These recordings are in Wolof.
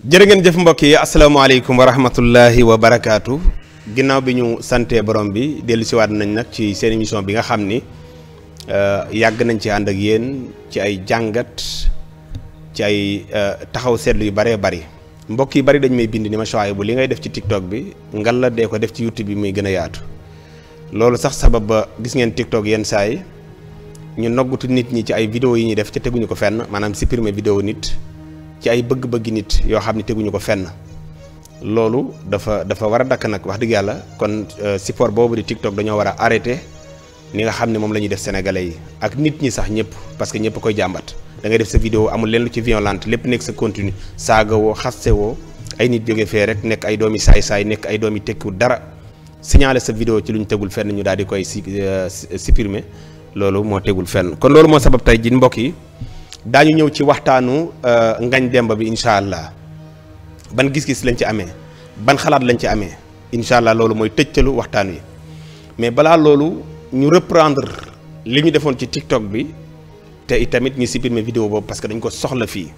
jërë ngeen jëf mbokk yi asalaamaaleykum wa rahmatullahi wa barakaatu ginnaaw bi ñu santee borom bi dellu siwaat nañ nag ci seen mission bi nga xam ni euh, yàgg nañ ci ànd ak yéen ci ay jàngat ci ay euh, taxaw seetlu yu baree bari mbokk yi bari dañ may bind ni ma choix bu li ngay def ci TikTok bi ngal la dee ko def ci YouTube bi muy gën a yaatu loolu sax sabab ba gis ngeen TikTok yenn saa yi ñu noggutu nit ñi ci ay vidéo yi ñuy def ca teguñu ko fenn maanaam supprimer vidéo nit ci ay bëgg-bëggi nit yoo xam ne teguñu ko fenn loolu dafa dafa war a dakk nag wax dëgg yàlla kon euh, support boobu di TikTok dañoo war a arrêté ni nga xam ne moom la ñuy def sénégalais yi ak nit ñi sax ñëpp parce que ñëpp koy jàmbat da ngay def sa vidéo amul leen lu ci violente lépp nekk sa continue saaga woo xaste woo ay nit jóge fee rek nekk ay doom doomi saay-saay nekk ay doom yi tekkiwul dara signaler sa vidéo ci lu ñu tegul fenn ñu daal di koy euh, supprimer loolu moo tegul fenn kon loolu moo sabab tey ji mbokk yi daañu ñëw ci waxtaanu euh, ngañ demb bi incha allah ban gis-gis lañ ci amee ban xalaat lañ ci amee incha allah loolu mooy tëjtalu waxtaan wi mais balaa loolu ñu reprendre li ñu defoon ci TikTok bi te itamit ñu supprimer vidéo boobu parce que dañ ko soxla fii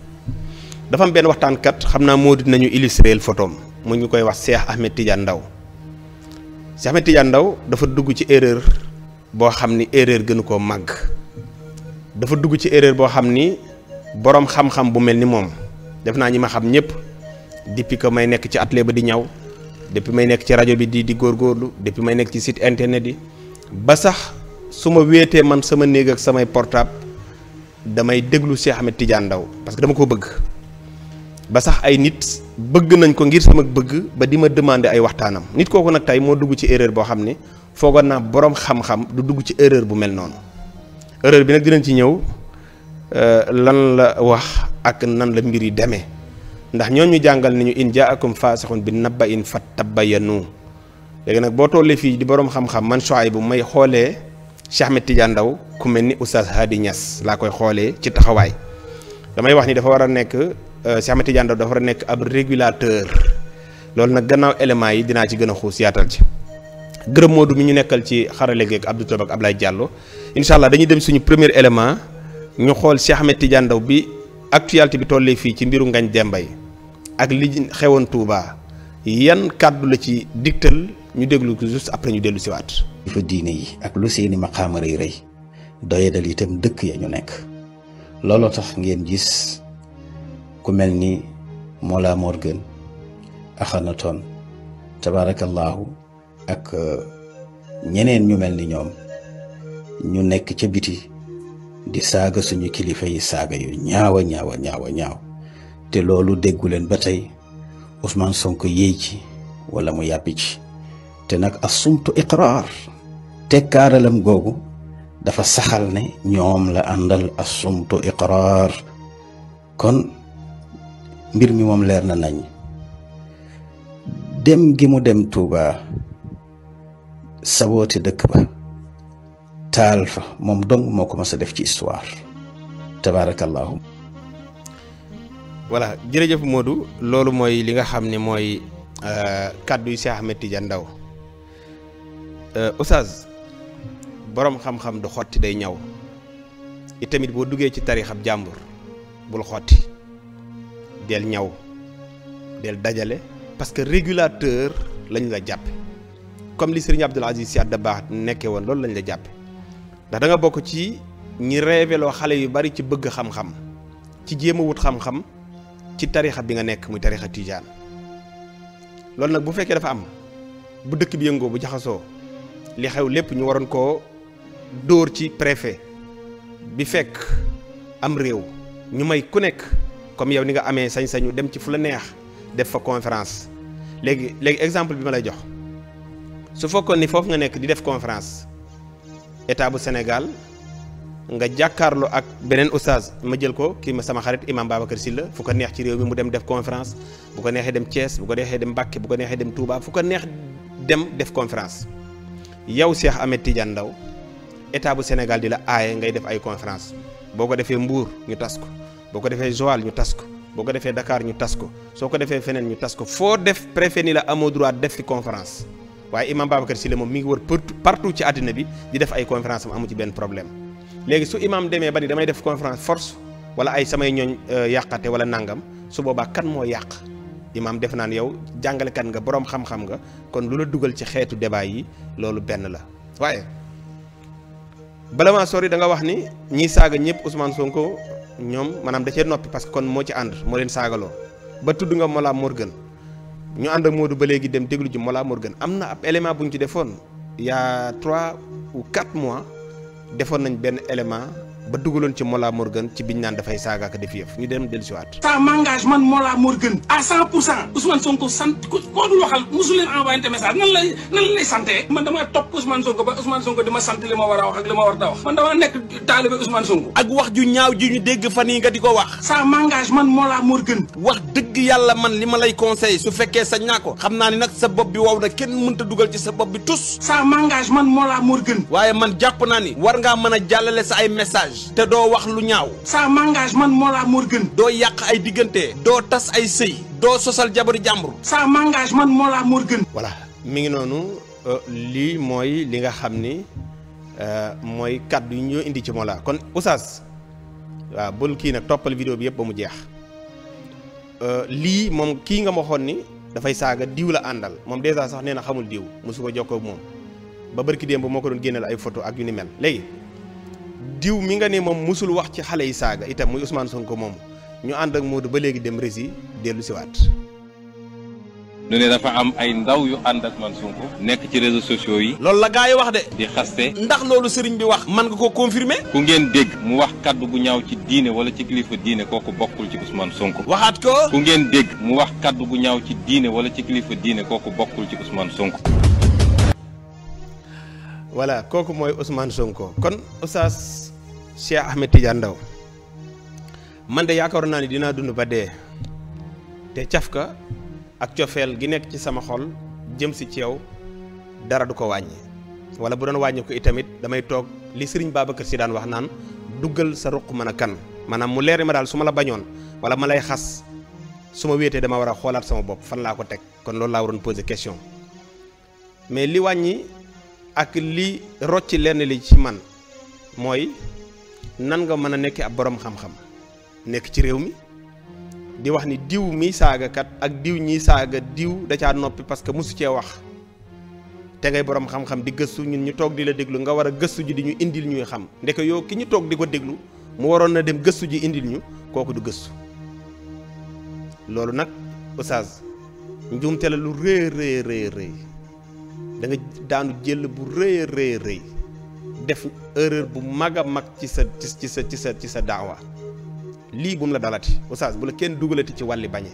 dafa am benn waxtaankat xam naa moo dinañu illustrer photom mu ñu koy wax Cheikh Ahmed Tidiane Ndaw Cheikh Ahmed Tidiane Ndaw dafa dugg ci erreur boo xam ni erreur gënu koo màgg dafa dugg ci erreur boo xam ni boroom xam-xam bu mel ni moom def naa ñi ma xam ñëpp depuis que may nekk ci atelier ba di ñaw depuis may nekk ci rajo bi di di góor góorgóorlu depuis may nekk ci site internet yi ba sax su ma wéetee man sama néeg ak samay portable damay déglu Cheikh Ahmed Tidiane Ndao parce que dama ko bëgg ba sax ay nit bëgg nañ ko ngir sama bëgg ba di ma demander ay waxtaanam nit kooku nag tey moo dugg ci erreur boo xam ne foogoon naa boroom xam-xam du dugg ci erreur bu mel noonu erreur bi nag dinañ ci ñëw euh, lan la wax ak nan la mbir yi demee ndax ñoo ñu jàngal ni ñu in jaakum faasixun bi nabba in fat tabayanu léegi nag boo tollee fii di boroom xam-xam man soaay bu may xoolee Cheikh Ahmed Tidiane ku mel ni Oustaz Hadi Niass laa koy xoolee ci taxawaay damay wax ni dafa war a nekk euh, Cheikh Ahmed Tidiane dafa war a nekk ab régulateur loolu nag gannaaw éléments yi dinaa ci gën a xuus yaatal ci gërëm Modou mi ñu nekkal ci xarale geeg Abdou Toba ak Ablaye Diallo incha allah dañuy dem suñu premier élément ñu xool Cheikh Ahmed Tidiane Ndao bi actualité bi tollee fii ci mbiru ngañ dembay ak li xewoon Touba yan kàddu la ci digtal ñu déglu ko après ñu dellu si waat. fa diine yi ak lu seeni maqaama rëy rëy doyadal itam dëkk ya ñu nekk looloo tax ngeen gis ku mel ni Mola Morgan axanatoon tabaarakallaahu ak euh, ñeneen ñu mel ni ñoom ñu nekk ca biti di saaga suñu kilifa yi saaga yu ñaawa ñaawa ñaawa te loolu déggu leen ba tey Ousmane sonk yéey ci walla mu yàppi ci te nag asumtu iqraar tekkaaralam googu dafa saxal ne ñoom la àndal asumtu iqraar kon mbir mi moom leer na nañ dem gi mu dem Touba saboote dëkk ba taal fa moom dong moo ko mas a def ci histoire tabaarakallaahu voilà jërëjëf moodu loolu mooy li nga xam ni mooy euh, kàddu yu Cheikh Ahmed ja ndaw euh, oustaz boroom xam-xam du xotti day ñaw itamit boo duggee ci tarixab jàmbur bul xotti del ñaw del dajale parce que régulateur lañ la jàpp comme li sëriñ Abdul Aziz Sy Dabakh nekkee woon loolu lañ la jàppe ndax da bokk ci ñi réeveloo xale yu bari ci bëgg xam-xam ci jéem a wut xam-xam ci tarixa bi nga nekk muy tarixa tijaan loolu nag bu fekkee dafa am bu dëkk bi yëngoo bu jaxasoo li xew lépp ñu waroon koo dóor ci préfet bi fekk am réew ñu may ku nekk comme yow ni nga amee sañ-sañu dem ci fu la neex def fa conférence léegi léegi exemple bi ma lay jox su fekkoon ni foofu nga nekk di def conférence état bu Sénégal nga jàkkaarloo ak beneen oustaz ma jël ko kii ma sama xarit imam Babacar Sylla fu ko neex ci réew mi mu dem def conférence bu ko neexee dem Thiès bu ko neexee dem Mbacké bu ko neexee dem Touba fu ko neex dem def conférence yow Cheikh amee Tidiane ndaw état bu Sénégal di la aaye ngay def ay conférence boo ko defee mbuur ñu tas ko boo ko defee Joal ñu tas ko boo ko defee Dakar ñu tas ko soo ko defee feneen ñu tas ko foo def préfet ni la amoo droit def fi conférence waaye imam Babacar Sylla moom mi ngi wër partout ci àddina bi di def ay conférence am amu ci benn problème léegi su imam demee ba ni damay def conférence force wala ay samay ñooñ euh, yàqate wala nangam su boobaa kan moo yàq imam def naan yow jàngalekat nga borom xam-xam nga kon lu la dugal ci xeetu débat yi loolu benn la waaye bala maa sori da wax ni ñiy saaga ñëpp Ousmane Sonko ñoom maanaam da cee noppi parce que kon moo ci ànd moo leen saagaloo ba tudd nga Mollah Morgun ñu ànd ak Modou ba léegi dem déglu ji Mola Morgan am na ab élément bu ñu ci defoon il a trois ou quatre mois defoon nañ benn élément ba dugaloon ci Mola Morgan ci biñ naan dafay saaga def yëf ñu dem dellusiwaat. ça m'engage man Mola Morgan à 100 pour cent Ousmane Sonko sant ko koo dul waxal mosu leen envoyé message nan lay nan lay man damaa topp ba Ousmane ma sant li ma a a wax. wax ju ñaaw ji ñu dégg fan yi nga di ko wax. ça m'engage man Mola Morgan. wax dëgg yàlla man li ma lay conseil su fekkee sañ naa ko. xam naa ni nag sa bopp bi wow na kenn mënta dugal ci sa bopp bi tus. ça m'engage man Mola Morgan. waaye man jàpp naa ni war ngaa mën a jàllale sa ay message te doo wax lu ñaaw sa langage man Mollah Morgun doo yàq ay diggante doo tas ay sëy doo sosal jabaru jàmbur sa langage man Mollah gën voilà mi ngi noonu euh, lii mooy li nga xam ni euh, mooy kàddu yi ñoo indi ci Mollah kon oustaz waaw bul kii nag toppal vidéo bi yëpp ba mu jeex euh, lii moom kii nga ma waxoon ni dafay saaga diw la àndal moom dèjà sax nee na xamul diw mosu ko jokkoo ak moom ba barki démb moo ko doon génneel ay photo ak yu ni mel léegi diw mi nga ne moom mosul wax ci xale yi saaga itam muy Ousmane Sonko moomu ñu ànd ak Modou ba léegi dem rési dellu siwaat ñu ne dafa am ay ndaw yu ànd ak man Sonko nekk ci réseaux sociaux yi loolu la gaa yi wax de di xaste ndax loolu sëriñ bi wax man nga ko confirmer ku ngeen dégg mu wax kàddu gu ñaaw ci diine wala ci kilifa diine kooku bokkul ci Ousmane Sonko waxaat ko ku ngeen dégg mu wax kaddu gu ñaaw ci diine wala ci kilifa diine kooku bokkul ci Ousmane Sonko voilà kooku mooy Ousmane Sonko kon Oustaz Cheikh Ahmed Tidiane Ndao man de yaakaar naa ni dinaa dund ba dee te cafka ak cofeel gi nekk ci sama xol jëm si ci yow dara du ko wàññi wala bu doon wàññi ko itamit damay toog li baaba kër si daan wax naan duggal sa ruq mën a kan maanaam mu leer ma daal su ma la bañoon wala ma lay xas su ma wéetee dama war a xoolaat sama bopp fan laa ko teg kon loolu laa waroon poser question mais li wàññi. ak li rocci lenn li ci man mooy nan nga mën a nekk ab boroom xam-xam nekk ci réew mi di wax ni diw miy saaga kat ak diw ñiy saaga diw da caa noppi parce que mosu cee wax te ngay borom xam-xam di gëstu ñun ñu toog di la déglu nga war a gëstu ji di ñu indil ñuy xam ndeke yow ki ñu toog di ko déglu mu waroon na dem gëstu ji indil ñu kooku du gëstu loolu nag oustaz njuumte la lu rëy rëy rëy da nga daanu jël bu rëy a rëy rëy def erreur bu mag a mag ci sa ci sa ci sa ci sa daawa lii bu mu la dalati oustaz bu la kenn dugalati ci wàlli bañe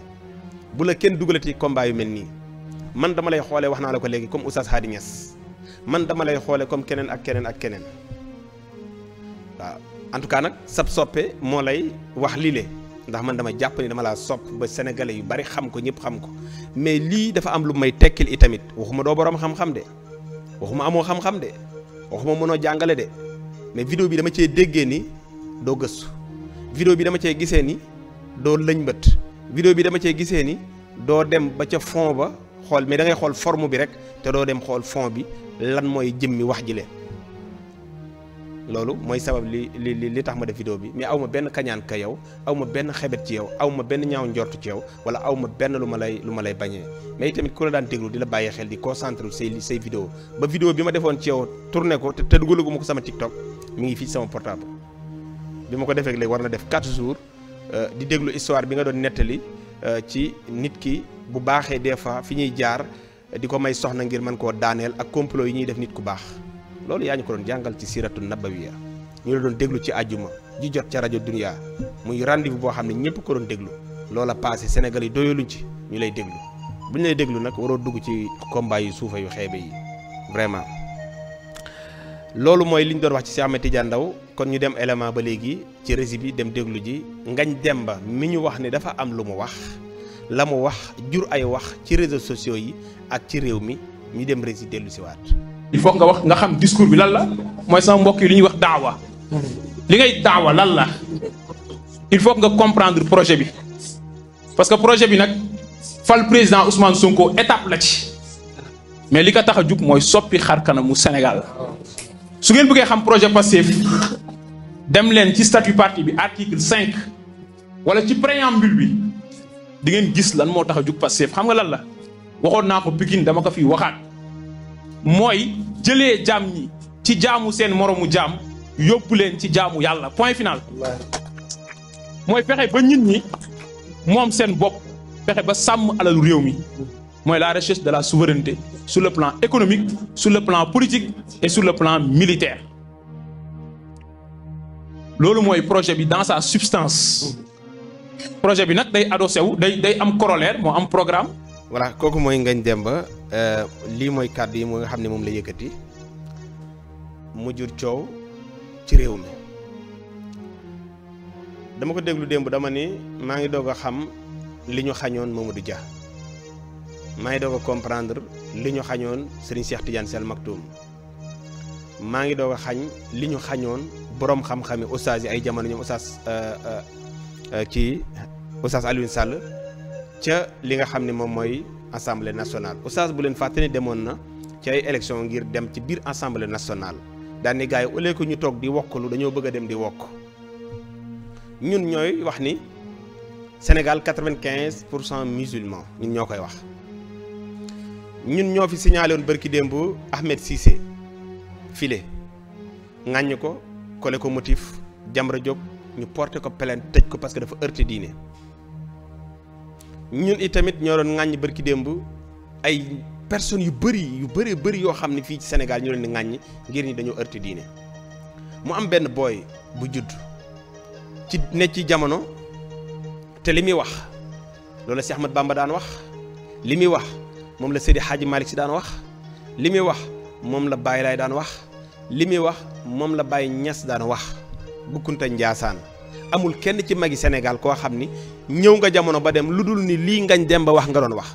bu la kenn dugalati combat yu mel nii man dama lay xoolee wax naa la ko léegi comme oustaz Hady Niass man dama lay xoolee comme keneen ak keneen ak keneen waaw en tout cas nag sab soppe moo lay wax lile ndax man dama jàpp ni dama laa sopp ba sénégalais yu bari xam ko ñëpp xam ko mais lii dafa am lu may tekkil itamit waxuma doo borom xam-xam de waxuma amoo xam-xam de waxuma mënoo jàngale de mais vidéo bi dama cee déggee ni doo gëstu vidéo bi dama cee gisee ni doo lëñbët vidéo bi dama cee gisee ni doo dem ba ca fond ba xool mais dangay xool forme bi rek te doo dem xool fond bi lan mooy jëmmi wax ji leen loolu mooy sabab li li li tax ma def vidéo bi mais aw ma benn kañaan ka yow aw ma benn xebet ci yow aw ma benn ñaaw njortu ci yow wala aw ma benn lu ma lay lu ma lay bañee mais itamit ku la daan déglu di la bàyyi xel di concentré say say vidéo ba vidéo bi ma defoon ci yow tourné ko te dugalaguma ko sama TikTok mi ngi fii sama portable bi ma ko defee léegi war na def 4 jours euh, di déglu histoire bi nga doon nettali euh, ci nit ki bu baaxee des fois fi ñuy jaar di ko may soxna ngir mën koo daaneel ak complot yi ñuy def nit ku baax loolu yaa ñu ko doon jàngal ci siratu nabawiya ñu la doon déglu ci àjjuma ji jot ca rajo Dunia muy rendez-vous boo xam ne ñëpp ko doon déglu loola passé Sénégal yi doyaluñ ci ñu lay déglu bu ñu lay déglu nag waroo dugg ci combat suufa yu xeebe yi vraiment. loolu mooy li ñu doon wax ci Cheikh Ahmed Tidiane kon ñu dem élément ba léegi ci rési bi dem déglu ji ngañ dem ba mi ñu wax ni dafa am lu mu wax la mu wax jur ay wax ci réseaux sociaux yi ak ci réew mi ñu dem rési dellu siwaat il faut nga wax nga xam discours bi lan la mooy sama mbokk yi li ñuy wax daawa li ngay daawa lan la il faut nga comprendre projet bi parce que projet bi nag fal président Ousmane ko étape la ci mais li ko tax a jug mooy soppi xar mu Sénégal su ngeen bëggee xam projet Pastef dem leen ci statut parti bi article cinq wala ci préambule bi di ngeen gis lan moo tax a jug Pastef xam nga lan la waxoon naa ko Pikine dama ko fi waxaat. mooy jëlee jaam ñi ci jaamu seen moromu jaam yóbbu leen ci jaamu yàlla point final. mooy pexe ba nit ñi moom seen bopp pexe ba sàmm alalu réew mi mooy la recherche de la souveraineté sur le plan économique sur le plan politique et sur le plan militaire. loolu mooy projet bi dans sa substance projet bi nag day adossé wu day day am corollaire moo am programme voilà kooku mooy Ngagne Demba euh, lii mooy kàddu yi moo nga xam ne moom la yëkkati mu jur coow ci réew mi dama ko déglu démb dama ni maa ngi doog a xam li ñu xañoon Mamadou Dia maa ngi doog a comprendre li ñu xañoon Serigne Cheikh Tidiane Sall Maktoum maa ngi doog a xañ li ñu xañoon boroom xam-xami ustaas yi ay jamono ñoom ustaas euh, euh, kii ustaas Alioune Sall ca li nga xam ne moom mooy assemblée nationale oustaz bu leen fàtte ni demoon na ci ay élection ngir dem ci biir assemblée nationale daan ni gars yi au que ñu toog di wokkalu dañoo bëgg dem di wokk ñun ñooy wax ni Sénégal quatre-vingt-quinze pour cent musulmans ñun ñoo koy wax. ñun ñoo fi signalé woon barki démb Ahmed Cissé file ŋàññ ko collé ko motif Jamra Diop ñu porté ko plainte tëj ko parce que dafa heurté diine. ñun tamit ñoo doon ŋàññ bërki démb ay personnes yu bëri yu bëree bari yoo xam ne fii ci Sénégal ñu leen di ŋàññ ngir ñi dañoo heurté diine mu am benn booy bu judd ci ne ci jamono te li muy wax loolu si Ahmad Bamba daan wax li muy wax moom la Seydi Hadji Malick si daan wax li muy wax moom la bàyyi Laay daan wax li muy wax moom la bàyyi Ñas daan wax bukkunta Njaasaan amul kenn ci magi Sénégal koo xam ni ñëw nga jamono ba dem lu dul ni lii ngañ ba wax nga doon wax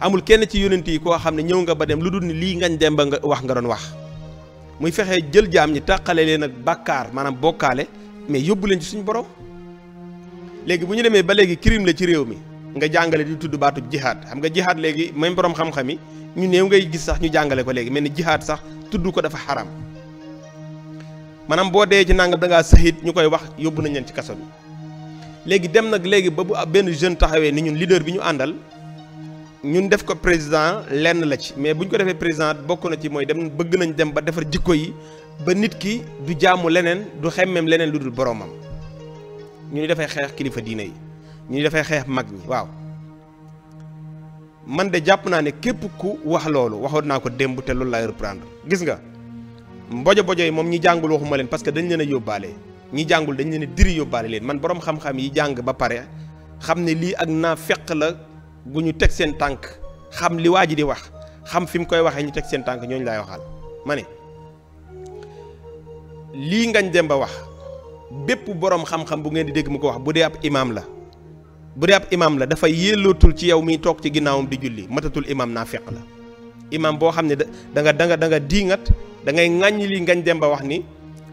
amul kenn ci yonent yi koo xam ne ñëw nga ba dem lu dul ni lii ngañ demba nga wax nga doon wax muy fexe jël jaam ñi tàqale leen ak bàkkaar maanaam bokkaale mais yóbbu leen ci suñu borom léegi bu ñu demee ba léegi crime la ci réew mi nga jàngale di tudd baatu jihaad xam nga jihaad léegi même borom xam-xam yi ñu néew ngay gis sax ñu jàngale ko léegi mel ni jihaad sax tudd ko dafa xaram maanaam boo dee ci nangam da ngaa saxit ñu koy wax yóbbu nañ leen ci kaso bi léegi dem nag léegi ba bu benn jeune taxawee ni ñun leader bi ñu àndal ñun def ko président lenn la ci mais bu ñu ko defee président bokk na ci mooy dem bëgg nañu dem ba defar jikko yi ba nit ki du jaamu leneen du xemmeem leneen lu dul boroomam ñu ni dafay xeex kilifa diine yi ñu ni dafay xeex mag ñi waaw man de jàpp naa ne képp ku wax loolu waxoon naa ko démb te loolu laay reprendre gis nga. mbojo bojo yi moom ñi jàngul waxuma leen parce que dañ leen a yóbbaale ñi jàngul dañ leen a diri yóbbaale leen man borom xam-xam yi jàng ba pare xam ne lii ak naa feq la gu ñu teg seen tànk xam li waa ji di wax xam fi mu koy waxee ñu teg seen tànk ñooñu laay waxal ma ne lii ngañ dem ba wax bépp borom xam-xam bu ngeen di dégg mu ko wax bu dee ab imaam la bu dee ab imaam la dafa yellootul ci yow miy toog ci ginnaawam di julli matatul imaam naa feq imaam boo xam ne da nga da da nga diingat da ngay ŋàññi li ngañ dem ba wax ni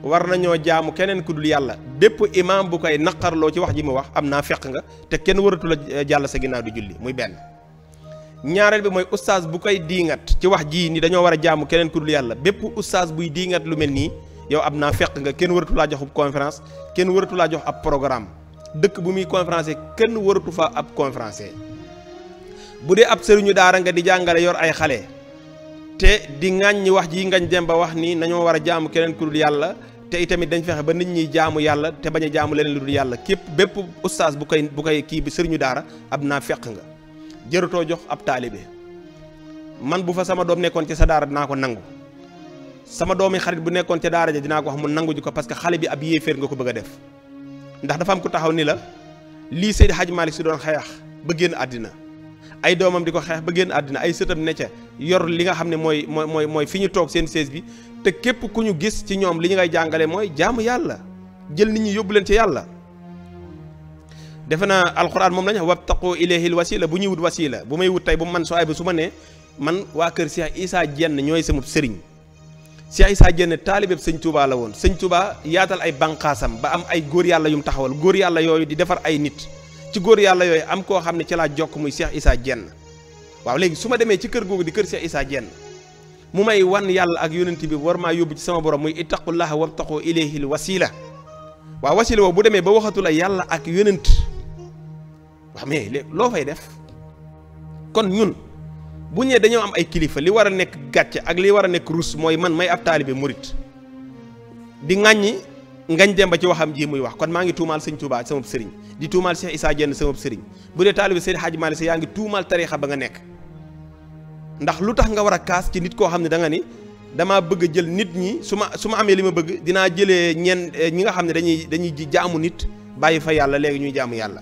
war nañoo jaamu keneen ku yàlla bépp imaam bu koy naqarloo ci wax ji mu wax am naa feq nga te kenn waratu la jàll sa ginnaaw di julli muy benn ñaareel bi mooy ustaas bu koy diingat ci wax jii ni dañoo war a jaamu keneen ku yàlla bépp ustaas buy diingat lu mel nii yow am naa feq nga kenn waratu laa joxub conférence kenn waratu laa jox ab programme dëkk bi muy conférencier kenn waratu fa ab conférencier bu dee ab sëriñu daara nga di jàngale yor ay xale te di ŋàññi wax ji ngañ dem ba wax ni nañoo war a jaamu keneen ku dul yàlla te itamit dañ fexe ba nit ñi jaamu yàlla te bañ a jaamu leneen lu dul yàlla képp bépp ustaas bu koy bu koy kii bi sëriñu daara ab naa feq nga jërutoo jox ab taalibe man bu fa sama doom nekkoon ci sa daara dinaa ko nangu sama doomi xarit bu nekkoon ca daara ja dinaa ko wax mu nangu ji ko parce que xale bi ab yéeféer nga ko bëgga a def ndax dafa am ku taxaw ni la lii Seydi Hadji Malick si doon xeex ba àddina ay doomam di ko xeex ba génn àddina ay sëtam ne ca yor li nga xam ne mooy mooy mooy fi ñu toog seen sees bi te képp ku ñu gis ci ñoom li ñu ngay jàngale mooy jàmm yàlla jël nit ñi yóbbu leen ci yàlla defe naa alxuraan moom lañ wabtaqu ilayhil wasila bu ñuy wut wasila bu may wut tey bu man soo ay bu su ma nee man waa kër Cheikh Issa Diène ñooy sama sëriñ Cheikh saa Diène taalibeb sëñ Touba la woon sëñ Touba yaatal ay banqaasam ba am ay góor yàlla yu mu taxawal góor yàlla yooyu di defar ay nit ci góor yàlla yooyu am koo xam ne ci laa jokk muy seex isaa Dieng waaw léegi su ma demee ci kër googu di kër Cheikh Issa Dieng mu may wan yàlla ak yonent bi war maa yóbbu ci sama borom muy ittaqullaha wabtaqu ilayhil wasila waaw wasila bu demee ba waxatu la yàlla ak yonent waaw mais loo fay def kon ñun bu ñee dañoo am ay kilifa li war a nekk gàcce ak li war a nekk rus mooy man may ab taalibe murit di ŋàññi ngañ dem ba ci waxam ji muy wax kon maa ngi tuumaal sëñ Touba sama sëriñ di tuumaal Cheikh Issa Diène sama sëriñ bu dee taalibe Seydi Hadji Malick Sy yaa ngi tuumaal tariixa ba nga nekk ndax lu tax nga war a kaas ci nit koo xam ne danga nga ni damaa bëgg jël nit ñi su ma su ma amee li ma bëgg dinaa jëlee ñeen eh, ñi nga xam ne dañuy dañuy jaamu nit bàyyi fa yàlla léegi ñuy jaamu yàlla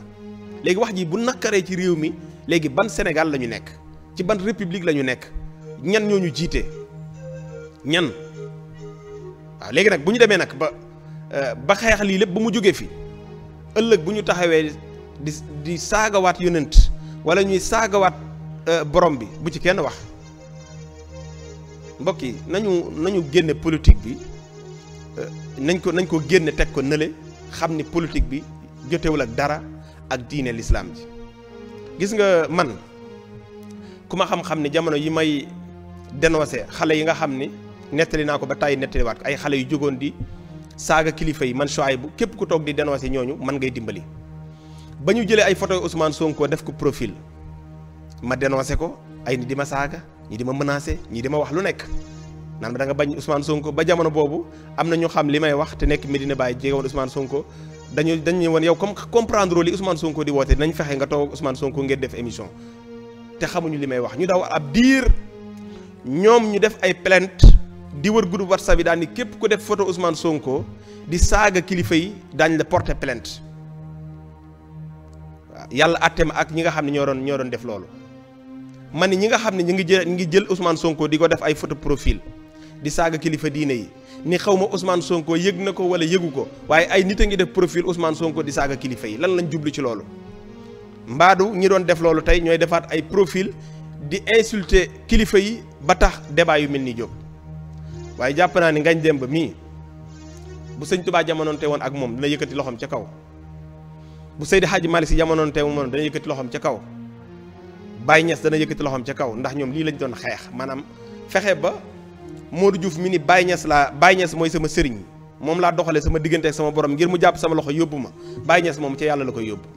léegi wax ji bu nakkaree ci réew mi léegi ban Sénégal la ñu nekk ci ban république la ñu nekk ñan ñoo ñu jiite ñan nag bu ñu demee nag ba Euh, ba xeexal yi lépp ba mu jógee fi ëllëg bu ñu taxawee di saagawaat yonent walla ñuy saagawaat euh, borom bi bu ci kenn wax mbokk yi nañu nañu génne politique bi euh, nañ ko nañ ko génne teg ko nële xam ni politique bi jotewul ak dara ak diine lislaam ji gis nga man ku ma xam-xam ni jamono yi may dénoncé xale yi nga xam ni nettali naa ko ba tàyyi nettaliwaat ko ay xale yu jógoon di saaga kilifa yi man Chouaïbou képp ku toog di dénoncé ñooñu man ngay dimbali ba ñu jëlee ay photo Ousmane Sonko def ko profil ma dénoncé ko ay nit di ma saaga ñi di ma menacé ñi di ma wax lu nekk naan ma da nga bañ Ousmane Sonko ba jamono boobu am na ñu xam li may wax te nekk Medina Baye jege woon Ousmane Sonko dañu dañu woon yow comme comprendre li usman Sonko di wootee dinañ fexe nga toog Ousmane Sonko ngeen def émission te xamuñu li may wax ñu daw ab diir ñu def ay plainte di wër groupe whatsapp yi daan ni képp ku def photo Ousmane Sonko di saaga kilifa yi daañu la porter plainte waaw yàlla àtteem ak ñi nga xam ne ñoo doon ñoo doon def loolu. man ni ñi nga xam ne ñu ngi jël ñu ngi jël Ousmane Sonko di ko def ay photo profile di saaga kilifa diine yi ni xaw ma Ousmane Sonko yëg na ko wala yëgu ko waaye ay nit a ngi def profil Ousmane Sonko di saaga kilifa yi lan lañ jublu ci loolu. mbaadu ñi doon def loolu tey ñooy defaat ay profil di insulter kilifa yi ba tax débat yu mel ni waaye jàpp naa ni ngañ demb mii bu sëñ tubaa te woon ak moom dina yëkkati loxoom ca kaw bu Seydi Hadji Malick si jamonoonte moom dana yëkkati loxoom ca kaw Baye Niass dana yëkkati loxoom ca kaw ndax ñoom lii lañ doon xeex maanaam fexe ba Modou Diouf mi ni Baye Niass laa Baye Niass mooy sama sëriñ moom laa doxalee sama diggante ak sama borom ngir mu jàpp sama loxo yóbbu ma Baye Niass moom ca yàlla la ko yóbbu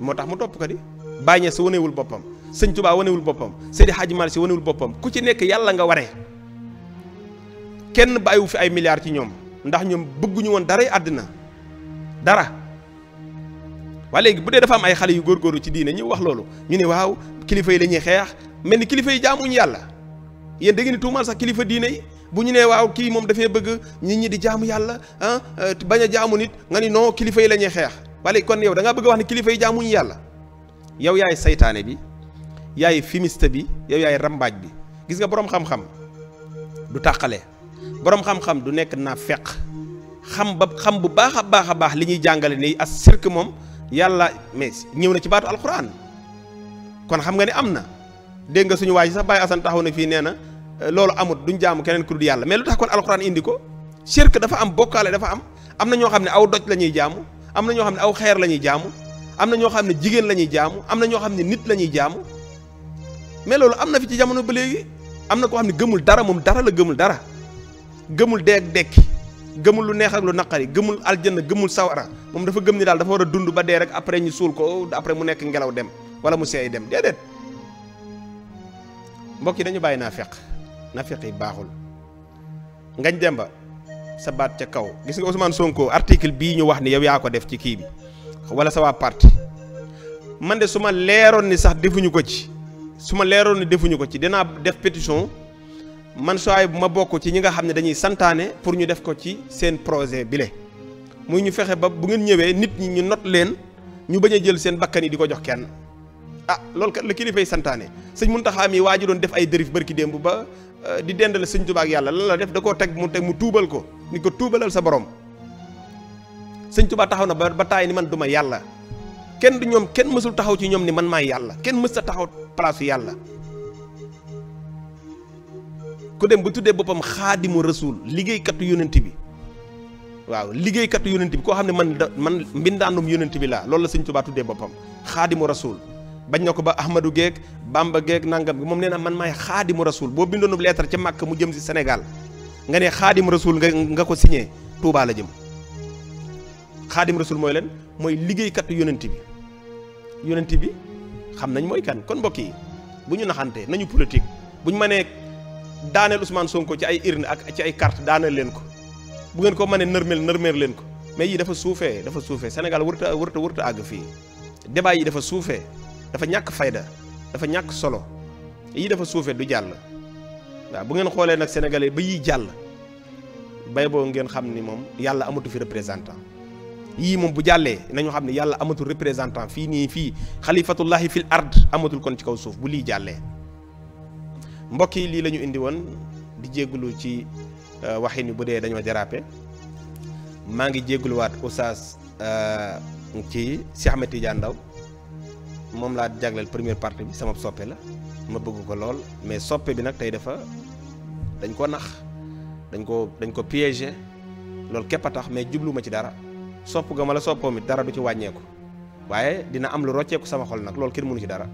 moo tax mu topp ko di Baye Niass wanewul boppam sëñ tubaa wanewul boppam Seydi Hadji Malick si wanewul boppam ku ci nekk yàlla nga waree kenn bàyyiwu fi ay milliards ci ñoom ndax ñoom bëgguñu woon daray àddina dara waa léegi bu dee dafa am ay xale yu góor góorgóorlu ci diine ñu wax loolu ñu ne waaw kilifa yi la xeex mel ni kilifa yi jaamuñu yàlla yéen da ngeen sax kilifa diine yi bu ñu nee waaw kii moom dafay bëgg nit ñi di jaamu yàlla ah, bañ a jaamu nit nga ni non kilifa yi la xeex waa léegi yow da bëgg wax ne kilifa yi yàlla yow yaay seytaane bi yaay fimiste bi yow yaay rambaaj bi gis nga boroom xam-xam du tàqale boroom xam-xam du nekk naa feq xam ba xam bu baax a baax a baax li ñuy jàngale nii as sirk moom yàlla mais ñëw na ci baatu alxuraan kon xam nga ne am na dégg nga suñu waa ji sax bàyyi asan taxaw ne fii nee na euh, loolu amut duñ jaamu keneen ku dul yàlla mais lu tax kon alxuraan indi ko sirk dafa am bokkaale dafa am am na ñoo xam ne aw doj la ñuy jaamu am na ñoo xam ne aw xeer la ñuy jaamu am na ñoo xam ne jigéen la ñuy jaamu am na ñoo xam ne nit la ñuy jaamu mais loolu am na fi ci jamono ba léegi am na koo xam gëmul dara moom dara la gëmul dara gëmul dee ak dekki gëmul lu neex ak lu naqari gëmul aljanna gëmul sawara moom dafa gëm ni daal dafa war a dund ba dee rek après ñu suul ko après mu nekk ngelaw dem wala mu seey dem déedéet mbokki dañu bàyyi naafeq naafeq yi baaxul ngañ dem sa baat ca kaw gis nga Ousmane Sonko article bii ñu wax ni yow yaa ko def ci kii bi wala sa waa parti man de su ma leeroon ni sax defuñu ko ci su ma leeroon ni defuñu ko ci dinaa def pétition man soo bu ma bokk ci ñi nga xam ne dañuy santaane pour ñu def ko ci seen projet bile muy ñu fexe ba bu ngeen ñëwee nit ñi ñu not leen ñu bañ a jël seen bakkan yi di ko jox kenn a ah loolu kat la kilifay santaane sëñ am mi waa ji doon def ay dérive bërki démb ba euh, di dendale sëñ Tuubaa ak yàlla lan la def da koo teg mu teg mu tuubal ko ni ko tuubalal sa borom sëñ Tuubaa taxaw na ba ba taay ni man du ma yàlla kenn du ñoom kenn mësul taxaw ci ñoom ni man maay yàlla kenn mës a taxaw palaasu yàlla ko dem ba tuddee boppam xaadimu rasuul liggéeykatu yonent bi waaw liggéeykatu yonent bi koo xam ne man man mbindaanum yonent bi laa loolu la sëñ Tuubaa tuddee boppam xaadimu rasuul bañ na ko ba Ahmadou Geek Bamba Geek nangam bi moom nee na man maay xaadimu rasuul boo bindoonub leetar ca Màkka mu jëm si Sénégal nga ne xaadimu rasuul nga nga ko signé Touba la jëm xaadimu rasuul mooy leen mooy liggéeykatu yonent bi yonent bi xam nañ mooy kan kon mbokk yi bu ñu naxante nañu politique daaneel Ousmane Sonko ci ay urne ak ci ay carte daaneel leen ko bu ngeen ko mënee nërmeel nërmeel leen ko mais yi dafa suufee dafa suufee Sénégal wërta wërta wërta àgg fii débat yi dafa suufee dafa ñàkk fayda dafa ñàkk solo yi dafa suufee du jàll waaw bu ngeen xoolee nag sénégalais ba yiy jàll bay boo ngeen xam ni moom yàlla amatu fi représentant yii moom bu jàllee nañu xam ne yàlla amatul représentant fii nii fii xalifatullahi fil ard amatul kon ci kaw suuf bu lii jàllee mbokk yi lii lañu indi woon di jéggulu ci euh, waxin wi bu dee dañoo jaraape maa ngi jégguluwaat Oustaz euh, ci Cheikh Ahmed Tidiane Ndao moom laa jagleel première partie bi sama soppe la ma bëgg ko lool mais soppe bi nag tey dafa dañ ko nax dañ ko dañ ko piégé loolu képp a tax mais jubluma ci dara sopp nga ma la soppoom it dara du ci wàññeeku waaye dina am lu rocceeku sama xol nag loolu kenn mënu ci dara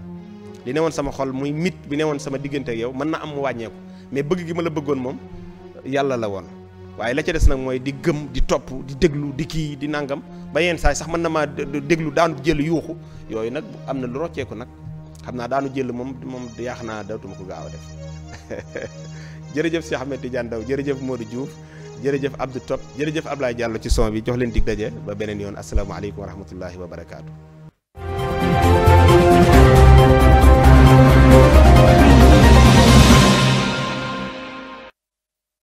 li woon sama xol muy mit bi woon sama diggante yow mën na am mu wàññeeku mais bëgg gi ma la bëggoon moom yàlla la woon waaye la ca des nag mooy di gëm di topp di déglu di kii di nangam ba yenn saa sax mën na maa déglu daanu jël yuuxu yooyu nag am na lu rocceeku nag xam naa daanu jël moom moom yaax naa dootuma ko gaaw a def jërëjëf Cheikh Ahmed Tidiane Ndao jërëjëf Modou Diouf jërëjëf Abdou Top jërëjëf Ablaye Diallo ci son bi jox leen dig daje ba beneen yoon asalaamaaleykum wa rahmatullahi wa barakaatu.